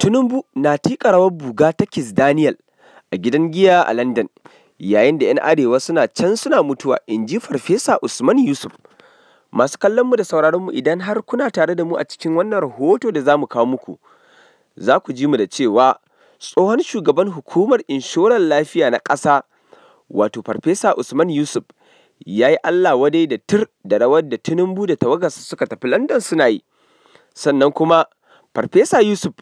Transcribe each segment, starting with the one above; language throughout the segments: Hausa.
Tinubu na tiƙa rawar buga ta Kis Daniel a gidan giya a Landan, yayin da 'yan arewa suna can suna mutuwa, in ji Farfesa Usman Yusuf. Masu kallonmu da sauraronmu idan har kuna tare da mu a cikin wannan rahoto da za mu kawo muku, za ku ji mu da cewa tsohon shugaban hukumar inshorar lafiya na ƙasa, wato Farfesa Usman Yusuf, ya yi Allah wadai da tir da rawar da Tinubu da tawagarsa suka tafi Landan suna yi. Sannan kuma Farfesa Yusuf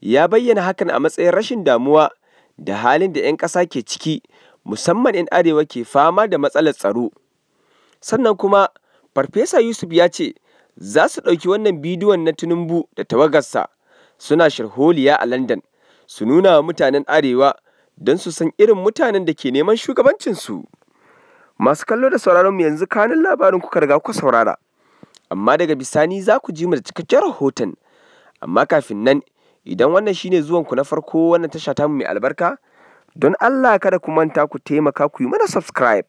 ya bayyana hakan a matsayin rashin damuwa da halin da 'yan ƙasa ke ciki musamman 'yan arewa ke fama da matsalar tsaro sannan kuma farfesa yusuf ya ce za su ɗauki wannan bidiyon na tinubu da tawagarsa suna sharholiya a london su nuna wa mutanen arewa don su san irin mutanen da ke neman shugabancinsu masu kallo da sauraron mu yanzu kanin labarin kuka riga kuka saurara amma daga bisani za ku ji mu da cikakken rahoton amma kafin nan Idan wannan shine zuwanku na farko wannan tasha mu mai albarka, don Allah kada ku manta ku taimaka ku yi mana subscribe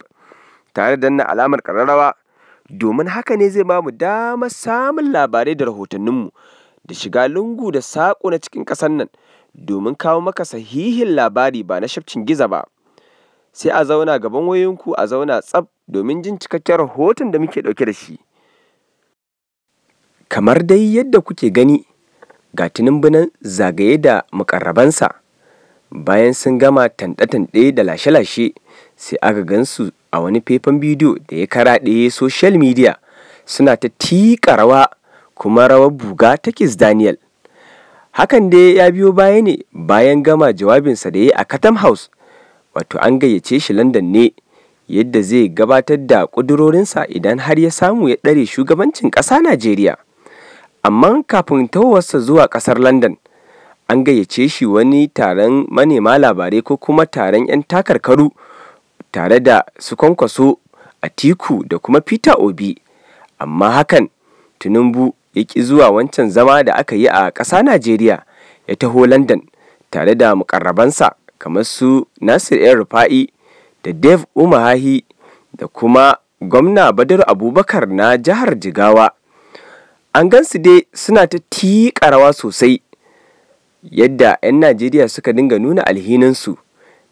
tare da danna alamar ƙararrawa domin haka ne zai ba mu damar samun labarai da rahotanninmu da shiga lungu da saƙo na cikin ƙasar nan domin kawo maka sahihin labari ba na shafcin giza ba. Sai a zauna gaban wayoyinku a zauna tsab domin jin cikakken rahoton da muke ɗauke da shi. Kamar dai yadda kuke gani ga Tinubu zagaye da makarabansa bayan sun gama tanɗe-tanɗe da lashe-lashe sai aka gansu a wani faifan bidiyo da ya karaɗe social media suna ta tiƙa rawa kuma rawar buga ta kis Daniel. Hakan dai ya biyo baya ne bayan gama jawabinsa da ya a Chatham House, wato an gayyace shi London ne yadda zai gabatar da ƙudurorinsa idan har ya samu ya ɗare shugabancin ƙasa Najeriya. amma kafin tawarsa zuwa ƙasar london an gayyace shi wani taron manema labarai ko kuma taron 'yan takarkaru tare da su kwankwaso a tiku da kuma peter obi amma hakan tinubu ya ƙi zuwa wancan zama da aka yi a ƙasa najeriya ya taho london tare da mukarrabansa kamar su nasir yan rufa'i da dave umahahi da kuma gwamna badar abubakar na jihar jigawa an gansu dai suna ta tiƙa rawa sosai yadda 'yan najeriya suka dinga nuna alhininsu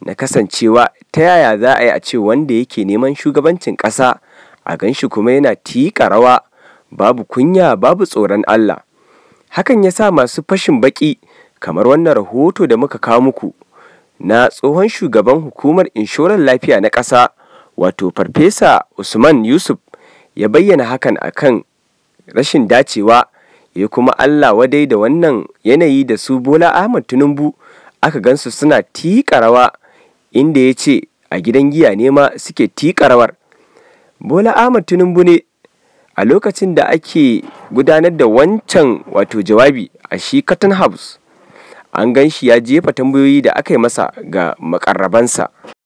na kasancewa ta yaya za a yi a ce wanda yake neman shugabancin ƙasa a gan shi kuma yana tiƙa rawa babu kunya babu tsoron allah hakan ya sa masu fashin baƙi kamar wannan rahoto da muka kawo muku na tsohon shugaban hukumar inshorar lafiya na ƙasa wato farfesa usman yusuf ya bayyana hakan akan rashin dacewa ya kuma Allah wadai da wannan yanayi da su Bola Ahmad Tinubu aka gansu suna tiƙa rawa inda ya ce a gidan giya ne ma suke tiƙa rawar. Bola Ahmad Tinubu ne a lokacin da ake gudanar da wancan wato jawabi a shi Cotton House an gan shi ya jefa tambayoyi da aka yi masa ga makarrabansa.